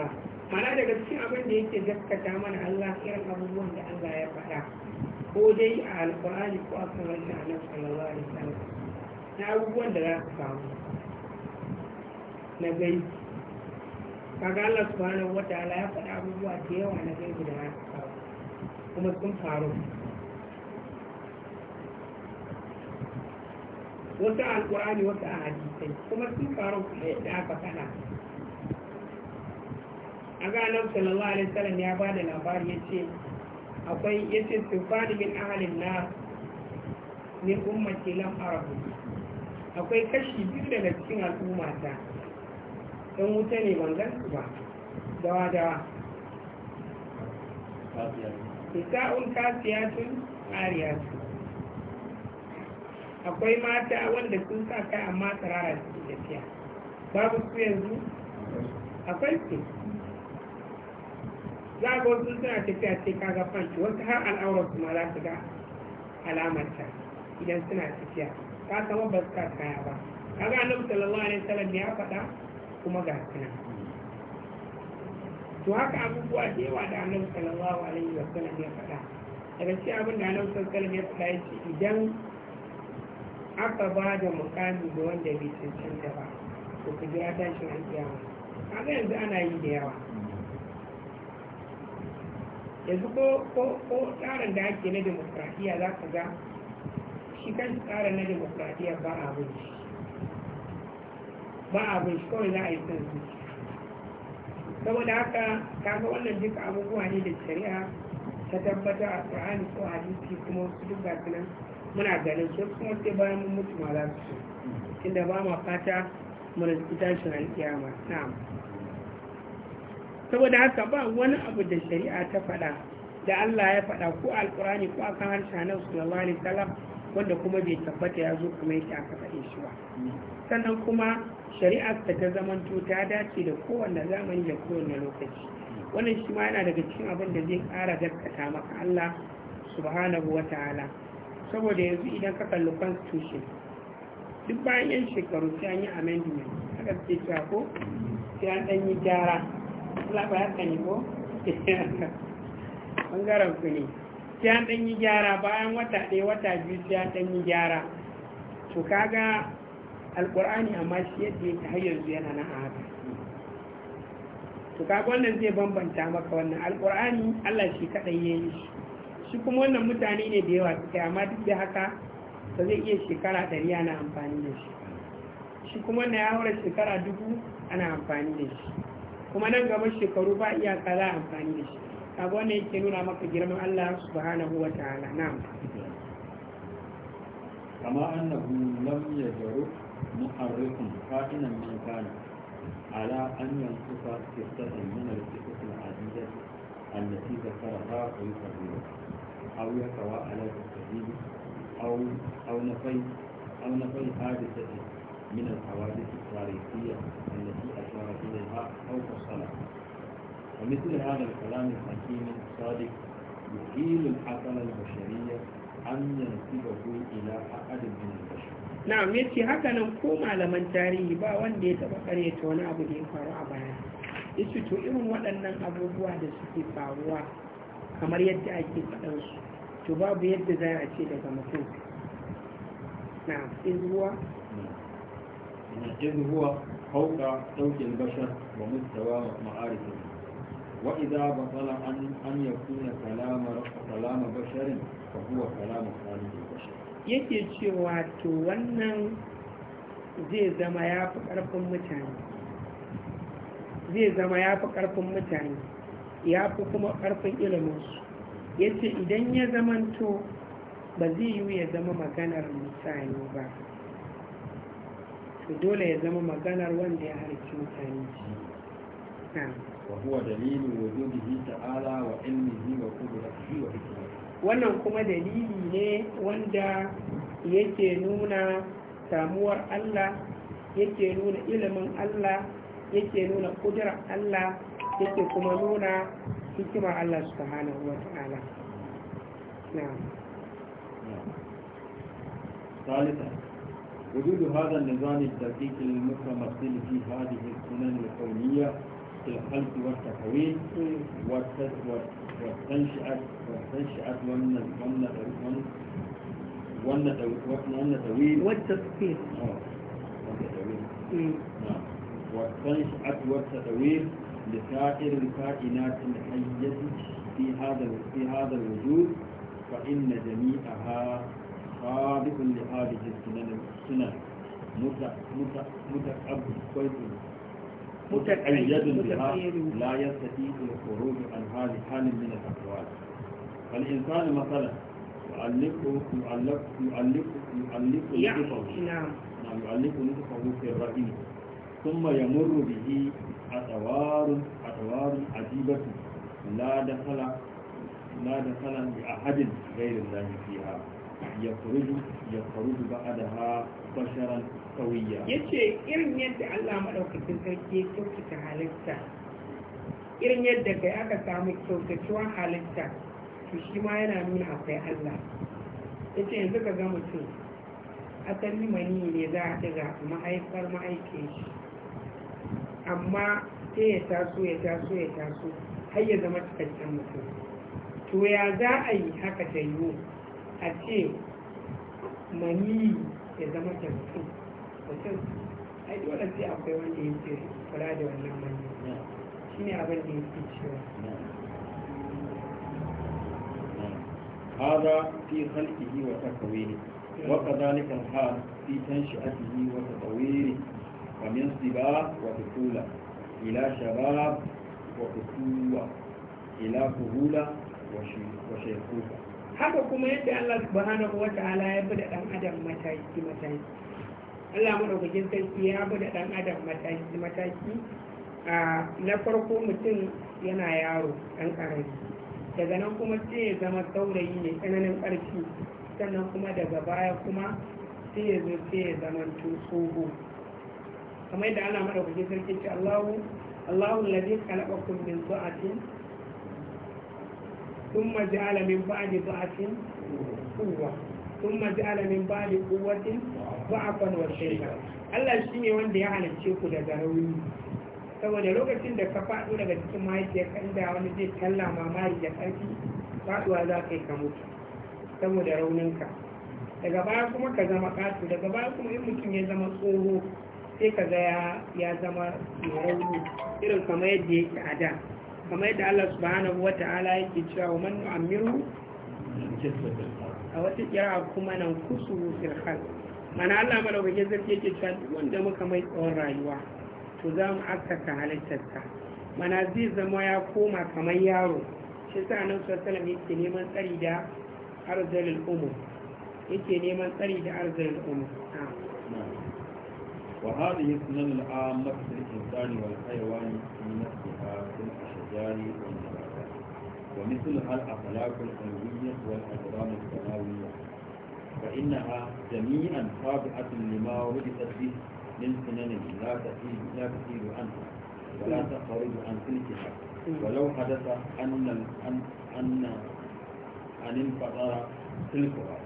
mana daga cikin abin da yake gaskata mana Allah irin abubuwan da Allah ya faɗa ko dai a alƙur'ani ko a sunan Annabi sallallahu alaihi wasallam na abubuwan da za su samu na gaibi kaga Allah subhanahu wataala ya faɗa abubuwa da yawa na gaibi da za su faru wasu alkur'ani wata a hadisai kuma sun faru yadda aka faɗa a ga nan sallallahu alaihi wasallam ya ba da labari ya ce akwai ya ce tufani min ahalin na min ummati lam arabu akwai kashi biyu daga cikin al'ummata don wuta ne ban gan su ba dawa dawa nisa'un kasiyatun ariyatun akwai mata wanda sun sa kai amma tsirara suke tafiya babu su yanzu akwai su za a wasu suna tafiya ce kaga fanci wasu har al'aurar su ma za su ga alamarta idan suna tafiya ka kama ba su ka kaya ba kaga annabi ne alaihi wasallam ya faɗa kuma ga suna to haka abubuwa da yawa da annabi sallallahu alaihi sallam ya faɗa daga cikin abin da annabi sallallahu alaihi sallam ya faɗa ya idan aka ba da mukami da wanda bai da ba to ku jira tashin alkiyama kaga yanzu ana yi da yawa yanzu ko tsarin da ake na demokradiyya za ka ga shi kan tsarin na demokradiyya ba bin shi ba bin shi kawai za a yi son su. saboda haka kaga wannan duka abubuwa ne da shari'a ta tabbata a ƙur'ani ko hadisi kuma su duk ga nan muna ganin su kuma sai bayan mun mutu ma za su so inda ba ma fata mu riski tashin kiyama na'am saboda haka ba wani abu da shari'a ta faɗa da Allah ya faɗa ko alkurani ko akan harshe na sallallahu alaihi wasallam wanda kuma bai tabbata ya zo kuma yake aka faɗe shi ba sannan kuma shari'a ta ta to ta dace da kowanne zamani da kowanne lokaci wannan shi ma yana daga cikin abin da zai ƙara gaskata maka Allah subhanahu wa ta'ala saboda yanzu idan ka kalli constitution duk bayan yan shekaru sai an yi amendment haka suke cewa ko sai an dan yi gyara labar haka ne ko Bangaren *laughs* ku ne sai an dan yi gyara bayan wata ɗaya wata biyu sai an dan yi gyara to kaga alƙur'ani amma shi yadda yake har yanzu yana nan a haka to kaga wannan zai bambanta maka wannan alƙur'ani Allah shi kaɗai ya yi shi shi kuma wannan mutane ne da yawa suka amma duk da haka ba zai iya shekara ɗari ana amfani da shi shi kuma ya haura shekara dubu ana amfani da shi kuma nan gaba shekaru ba iyaka za a amfani da shi kaga wannan yake nuna maka girman Allah subhanahu wa ta'ala na'am kama annahu lam yajru muharrikun fa'inan min kana ala an yansufa qissatan min al-qisas al-adiyah allati dhakaraha wa yufarriduha أو يقوى على التسليم أو أو نفي أو نفي حادثة من الحوادث التاريخية التي أشار إليها أو فصلها ومثل هذا الكلام الحكيم الصادق يحيل الحسنة البشرية أن ينسبه إلى أحد من البشر نعم يتي ce نقوم على من تاريه با وان دي تبقرية taɓa karyata wani abu da ya faru a baya ya to irin waɗannan abubuwa da suke faruwa kamar yadda ake faɗansu to babu yadda za a ce daga mutum na izuwa ruwa hauka ɗaukin bashar wa mustawa ma'arifin وإذا بطل an أن يكون kalama basharin بشر فهو kalama خالق bashar yake cewa to wannan zai zama ya fi karfin mutane zai zama ya fi ƙarfin mutane ya fi kuma ƙarfin iliminsu ya ce idan ya zamanto ba zai yi ya zama maganar mutane ba to dole ya zama maganar wanda ya harki mutane وهو دليل wannan kuma dalili ne wanda yake nuna samuwar Allah yake nuna ilimin Allah yake nuna kudurar Allah yake kuma nuna hikimar الله سبحانه وتعالى نعم ثالثا وجود هذا النظام الدقيق المتمثل في هذه السنن الكونية في الخلق والتكوين والتنشئة والتنشئة والنتوين والتفكير آه، نعم. والتنشئة والتتويل لسائر الكائنات الحية في هذا في هذا الوجود فإن جميعها خالق لهذه السنن السنن متأبد متأيد بها لا يستطيع الخروج عن هذه حال من الأقوال فالإنسان مثلا يعلقه يعلقه يعلقه يعلقه نعم, نعم، يؤلف نطقه في الرأي ثم يمر به atawarun atawarun ajibatu la dakhala la dakhala bi ahadin ghayri Allah fiha yakhruju yakhruju ba'daha basharan sawiya yace irin yadda Allah madaukakin sarki ya kyautata halitta irin yadda kai aka samu kyautatuwan halitta to shi ma yana nuna akwai Allah ya ce yanzu ka ga mutum asali mani ne za a daga mahaifar mahaifin shi amma sai ya taso ya taso ya taso har ya zama cikakken mutum to ya za a yi haka ta yiwu a ce maniyi ya zama tamfin mutum ai dole sai akwai wanda ya ce kula da wannan maniyi shine abin da fi cewa هذا في خلقه وتكوينه وكذلك الحال في تنشئته وتطويره ومن صباب وطفولة إلى شباب وكسوة إلى كهولة وشيخوفة haka kuma yadda Allah subhanahu wa ta'ala ya bada dan adam mataki mataki Allah jin sai ya bada dan adam mataki mataki a na farko mutum yana yaro dan karami daga nan kuma sai ya zama saurayi ne tsananin karfi sannan kuma daga baya kuma sai ya zo sai ya zama tsoho kamar yadda ana wajen sarki ce Allahu Allahu alladhi khalaqakum min du'atin ba ja'ala min ba'di du'atin quwwa thumma ba a ba'di ba a kwanwar shayba Allah shi ne wanda ya halicce ku daga rauni saboda lokacin da ka faɗo daga cikin mahaifiyar inda wani zai kalla mamari da ƙarfi faɗuwa za ka yi ka mutu saboda rauninka daga baya kuma ka zama ƙato daga baya kuma in mutum ya zama tsoho sai ka ga ya zama rauni irin kama yadda yake a da Kama yadda Allah subhanahu wata'ala yake cewa wa mannu amiru?" a wata kira kuma nan kusu fil khalq mana Allah wajen sarki yake cewa wanda muka mai tsawon rayuwa to za mu askaka halittarsa mana zai zama ya koma kamar yaro shi sa nan salam yake neman tsari da arzalin umu yake neman tsari da arzalin umu وهذه السنن العامة في الإنسان والحيوان في نفسها في الأشجار والنباتات ومثلها الأخلاق العلوية والأجرام السماوية فإنها جميعا خاضعة لما وجدت به من سنن لا تزيد لا عنها ولا تخرج عن تلكها ولو حدث أن أن أن أن انفطر تلكها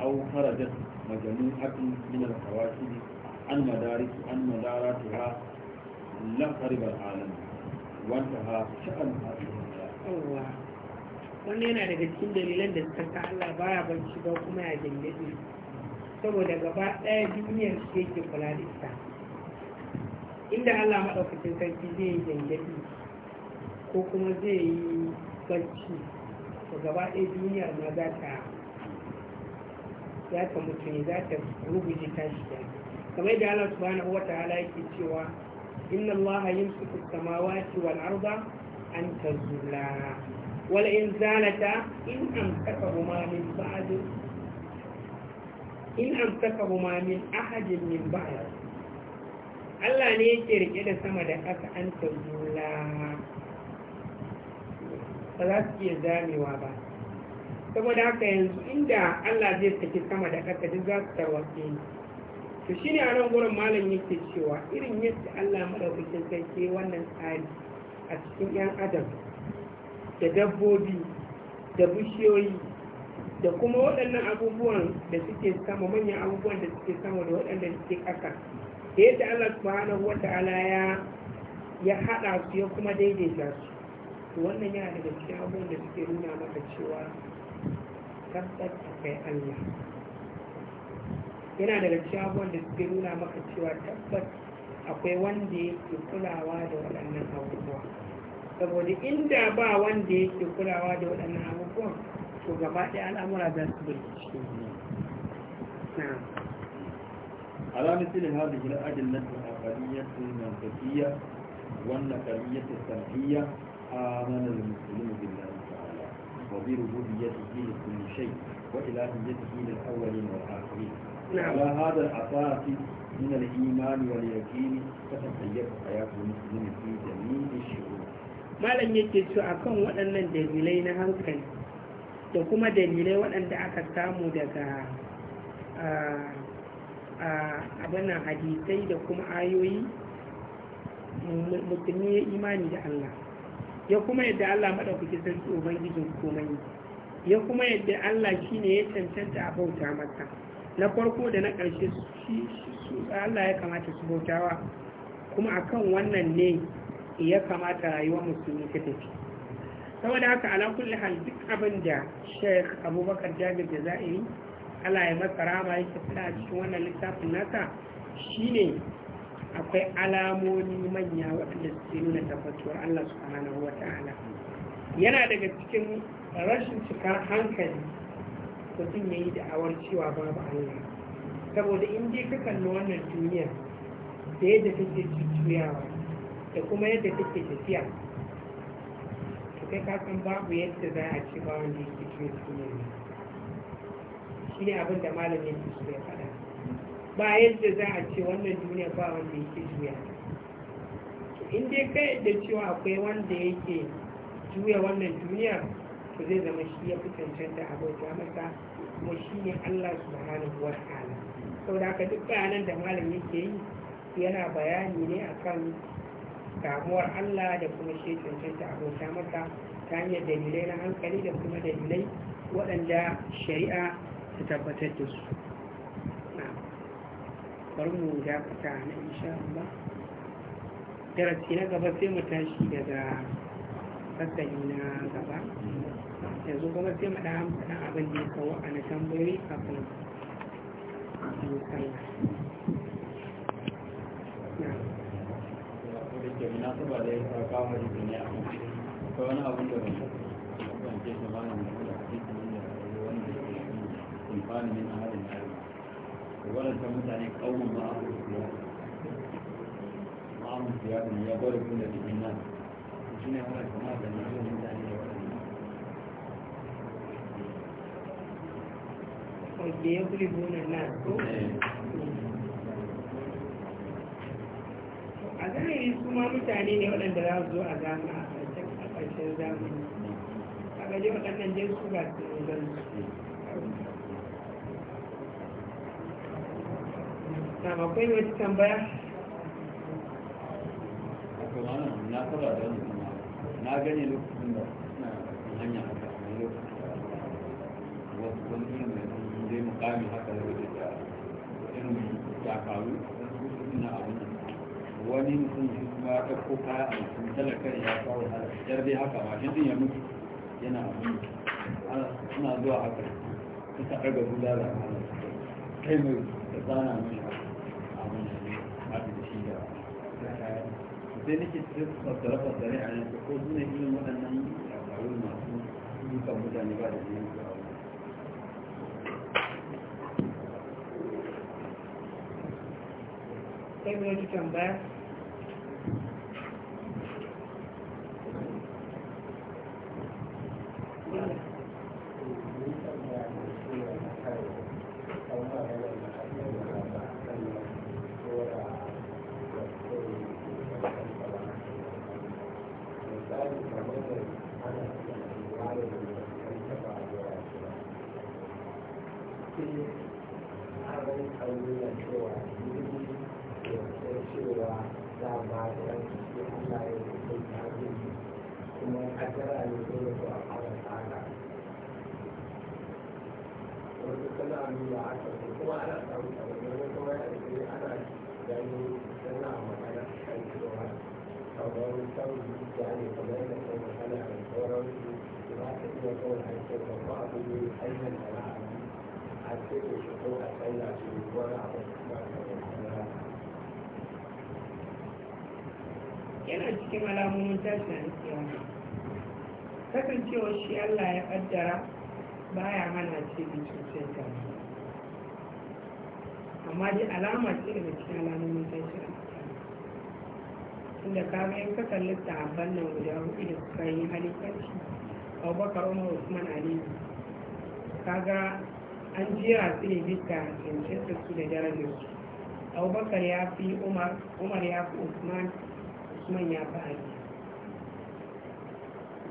أو خرجت مجموعة من الحواشي an madarisu an madaratu ha lafaribar alam wanta ha sha'an wannan yana daga cikin dalilan da suka sa Allah baya barci ba kuma ya dangade saboda gaba ɗaya duniyar shi yake kula da ita inda Allah maɗaukacin sarki zai yi dangade ko kuma zai yi barci to gaba ɗaya duniyar ma za ta za ta mutu za ta ruguje tashi da kamar yadda Allah subhanahu wa ta'ala yake cewa inna Allah yumsiku samawati wal arda an tazula wal in zalata in an amsakahuma min ba'd in an amsakahuma min ahadin min ba'd Allah ne yake rike da sama da ƙasa an tazula ba za su iya zamewa ba saboda haka yanzu inda Allah zai saki sama da ƙasa duk za su tarwatse ni to shi ne a nan gurin malam yake cewa irin yadda allah maɗaukakin ke wannan tsari a cikin 'yan adam da dabbobi da bishiyoyi da kuma waɗannan abubuwan da suke sama manyan abubuwan da suke sama da waɗanda suke ƙasa da yadda allah subhanahu wata'ala ya ya haɗa su ya kuma daidaita su wannan yana daga cikin abubuwan da suke nuna maka cewa tabbat akai allah yana daga cikin abubuwan da suke nuna maka cewa tabbas akwai wanda yake kulawa da waɗannan abubuwa saboda inda ba wanda yake kulawa da waɗannan abubuwan to gaba ɗaya al'amura za su bai cikin على مثل هذه الأدلة العقلية المنطقية والنقلية السمعية آمن المسلم بالله تعالى وبربوبيته لكل شيء وإلهيته للأولين والآخرين على هذا الأساس من الإيمان واليقين تتطيب حياة المسلم في جميع الشؤون malam yake cewa akan waɗannan dalilai na hankali da kuma dalilai waɗanda aka samu daga abinan hadisai da kuma ayoyi musulmi ya imani da Allah ya kuma yadda Allah maɗaukaki sarki ubangijin komai ya kuma yadda Allah shine ya cancanta a bauta masa na farko da na ƙarshe su Allah ya kamata su bautawa kuma akan wannan ne ya kamata rayuwar musulmi ta tafi saboda haka ala kulli hal duk abin da Sheikh Abubakar Jabir da za'iri Allah ya masa rama yake fada a cikin wannan littafin nasa shine akwai alamomi manya waɗanda suke nuna tabbatuwar Allah subhanahu wa ta'ala yana daga cikin rashin cikar hankali mutum ya yi da'awar cewa babu Allah saboda in dai ka kalli wannan duniyar da yadda take jujjuyawa da kuma yadda take tafiya to kai ka san babu yadda za a ci ba wanda yake cikin duniyar shi ne abin da malamin yake so ya faɗa ba yadda za a ce wannan duniyar ba wanda yake juya in dai ka yadda cewa akwai wanda yake juya wannan duniyar ku zai zama shi ya fi cancanta abota masa kuma shi ne Allah subhanahu wa ta'ala da haka duk bayanan da malam yake yi yana bayani ne akan damuwar Allah da kuma shi cancanta abota masa ta hanyar dalilai na hankali da kuma dalilai waɗanda shari'a ta tabbatar da su bari mu dakata na insha Allah darasi na gaba sai mu tashi daga sassani na gaba yanzu kuma sai mu ɗan faɗan abin da ya kawo a na tambayoyi kafin mu na saba da ya kawo hadisin ne a kan akwai wani abin da ban ban ce shi ba na mutum da hadisin ne da wanda ya ke yi imfani min ahadin ayyuka da waɗanda mutane ƙaunin ma'amun siyasa da siyasa ne ya gwada da shi ne wani kama da na mutane wadda ya kuli bonar na a zahiri su mutane ne waɗanda za su zo a zama a ƙarshen zamani a gaji waɗannan jin su ba su zan na akwai wata tambaya na kula da wani na gane lokacin da hanya a lokacin wasu wani mai mukami haka da wajen da irin ya faru na abin wani mutum shi kuma ya ɗauko kaya a mutum talakar ya kawo halayyar dai haka ba shi ya mutu yana abin suna zuwa haka su ta ɗaga guda da kai mai da tsana mai abin da ne abin shi da sai nake fassara fassare a yanzu ko suna irin waɗannan ya faru masu dukan mutane ba da jiya ready to come back. cewa shi allah ya kaddara ya mana ce da cutar da amma dai alama ce da cikin alamomin a tunda ka ga yin ka kalli a fannin guda hudu da suka yi halittarci abubakar umar usman ali kaga an jera su ne bisa cancanta su da darajar su abubakar ya fi umar umar ya fi usman usman ya fi ali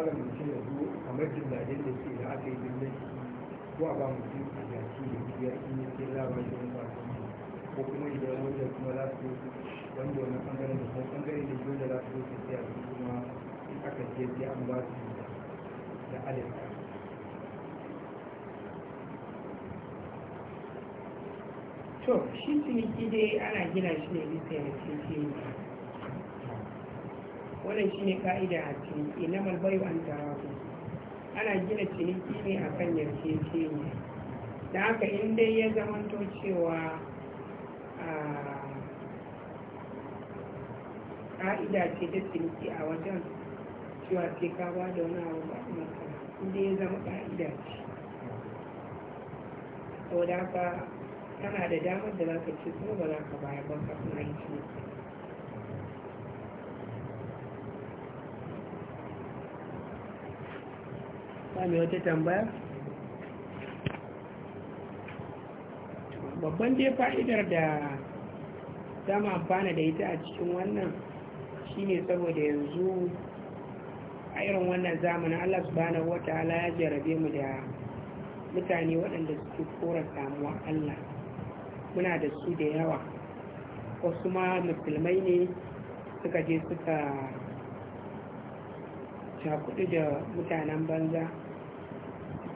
malam mutum ya zo a jindajen da ke da aka yi birnin ko a ba mutum a jaki da biyar in yi sai labarin da ba ko kuma idan wanda kuma za su wanda wani ɓangare da kuma ɓangare da da za su su siya su kuma in aka je sai an ba su da adalci to shi ciniki dai ana gina shi ne bisa yarjejeniya wannan shine ka'ida a ciniki na malbayu an tarafu ana gina ciniki ne a kan yarjejeniya da haka in dai ya zamanto cewa ka'ida ce ta ciniki a wajen cewa ce ka ba da wani abu ba kuma inda ya zama ka'ida ce da haka tana da damar da za ka ci kuma ba za ka bayar ba kafin a ciniki sami wata tambaya babban dai fa'idar da dama amfana da ita a cikin wannan shine saboda yanzu a irin wannan zamanin allah subhanahu wata'ala ya jarabe mu da mutane waɗanda suke kora samuwa allah muna da su da yawa wasu ma musulmai ne suka je suka cakudu da mutanen banza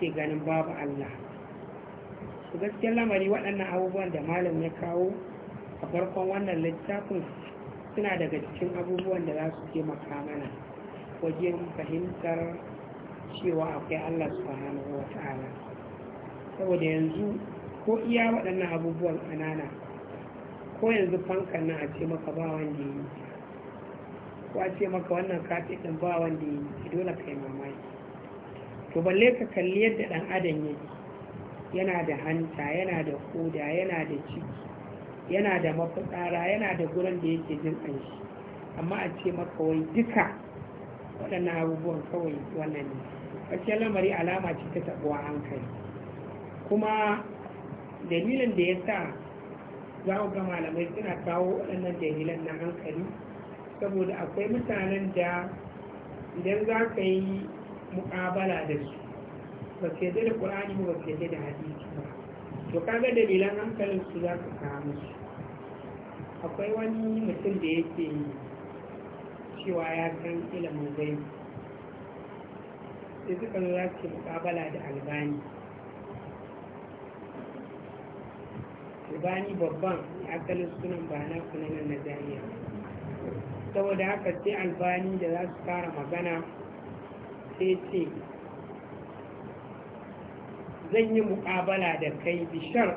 ake ganin babu Allah su gaskiyar lamari waɗannan abubuwan da malam ya kawo a farkon wannan littafin suna daga cikin abubuwan da za su taimaka mana wajen fahimtar cewa akwai Allah su subhanahu wa ta'ala saboda yanzu ko iya waɗannan abubuwan ƙanana ko yanzu fankan na a ce maka ba wanda ya yi ko a ce maka wannan kafin ɗin ba wanda ya yi dole kai mamaki to balle ka kalli yadda ɗan adam yake yana da hanta yana da koda yana da ciki yana da mafitsara yana da gurin da yake jin ƙanshi amma a ce maka wai duka waɗannan abubuwan kawai wannan ne gaskiyar lamari alama ce ta taɓuwa hankali kuma dalilin da ya sa za ga malamai suna kawo waɗannan dalilan na hankali saboda akwai mutanen da idan za ka yi mu'abala da su ba su yadda da ƙur'ani ba su yadda da hadisi ba to kaga dalilan hankalin su za ka samu su akwai wani mutum da yake cewa ya san ilimin zai sai suka zo za su muƙabala da albani albani babban asalin sunan ba na kunanan na jami'a saboda haka sai albani da za su fara magana sai ce zan yi muƙabala da kai da shar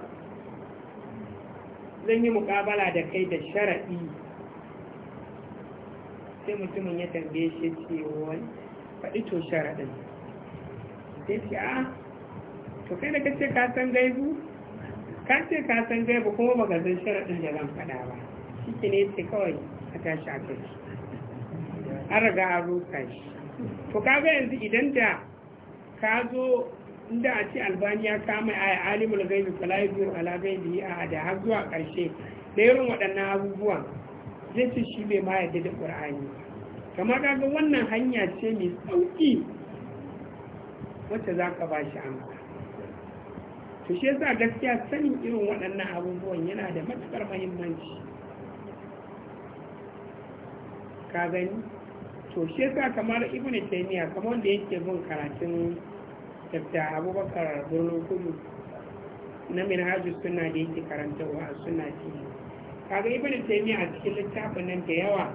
zan yi mukabala da kai da shara'i sai mutumin ya tambaye shi ce faɗi to sharaɗin sai ce a ah, to kai da kace ka san gaibu ka ce ka san gaibu kuma ba ka san sharaɗin da zan faɗa ba shi ne ce kawai a tashi a kai an riga an ruka shi to kaga yanzu idan da ka zo inda a ce albaniya ka mai aya alimul gaibi falayibiyar alagaibi a da har zuwa ƙarshe da irin waɗannan abubuwan zai ce shi bai ma yadda da ƙur'ani kama kaga wannan hanya ce mai sauƙi wacce za ka ba shi amsa to shi yasa gaskiya sanin irin waɗannan abubuwan yana da matuƙar muhimmanci ka gani to shi yasa kamar ibn taymiya kamar wanda yake bin karatun tafta abubakar birnin kudu na minhajus suna da yake karantarwa a suna ce kaga ibn taymiya a cikin littafin nan da yawa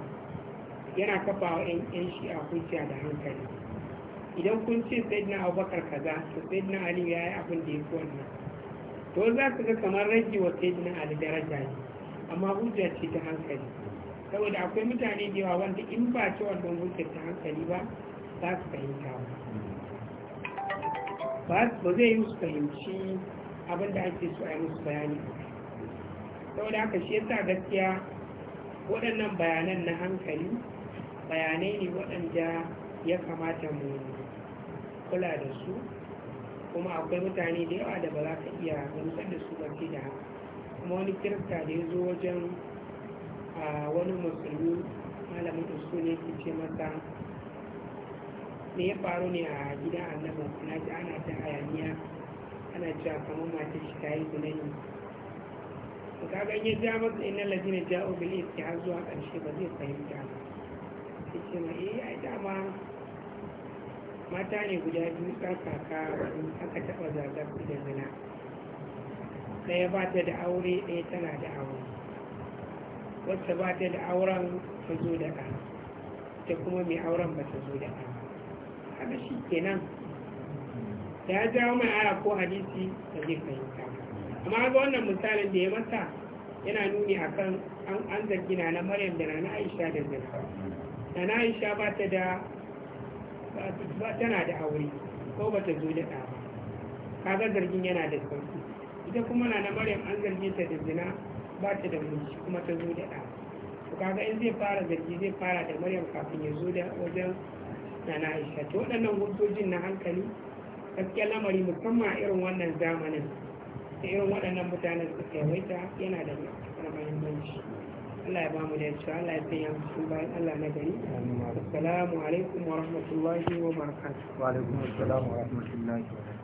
yana kafa wa yan shi a hujja da hankali idan kun ce sayyidina abubakar kaza to sayyidina ali ya yi abin da ya fi wannan to za su ga kamar rage wa sayyidina ali daraja ne amma hujja ce ta hankali saboda akwai mutane da yawa wanda in ba ci wannan hujjar ta hankali ba za su fahimta ba ba zai yi musu fahimci abin da ake so a yi musu bayani saboda haka shi yasa gaskiya waɗannan bayanan na hankali bayanai ne waɗanda ya kamata mu kula da su kuma akwai mutane da yawa da ba za ka iya gamsar da su ba da kuma wani kirista da ya zo wajen a wani musulmi malamin ne ke ce masa me ya faru ne a gidan annabin na ji ana ta hayaniya ana a kamar mata shi ta yi zinani to ka ganye ja masa inna lazina ja'u bil iski har zuwa ƙarshe ba zai fahimta ta ce ma eh ai dama mata ne guda biyu tsakaka aka taɓa zagar su da zina ɗaya ba ta da aure ɗaya tana da aure wacce ba ta da auren ta zo da ka ta kuma mai auren ba ta zo da ka haka shi kenan da ya jawo mai ara ko hadisi da zai fahimta amma ga wannan misalin da ya mata yana nuni akan an an zargina na maryam da na aisha da zai na na aisha ba ta da ba tana da aure ko ba ta zo da ɗa ba kaga zargin yana da sauki ita kuma na na maryam an zargi ta da zina ba ta da miji kuma ta zo da ɗa to kaga in zai fara zargi zai fara da maryam kafin ya zo da wajen nana aisha to waɗannan hujjojin na hankali gaskiya lamari musamman a irin wannan zamanin da irin waɗannan mutanen su yawaita yana da matuƙar mahimmanci Allah ya ba mu da cewa Allah ya san ya cikin bayan Allah na gari assalamu alaikum wa rahmatullahi wa barakatuh wa alaikum assalam wa rahmatullahi wa barakatuh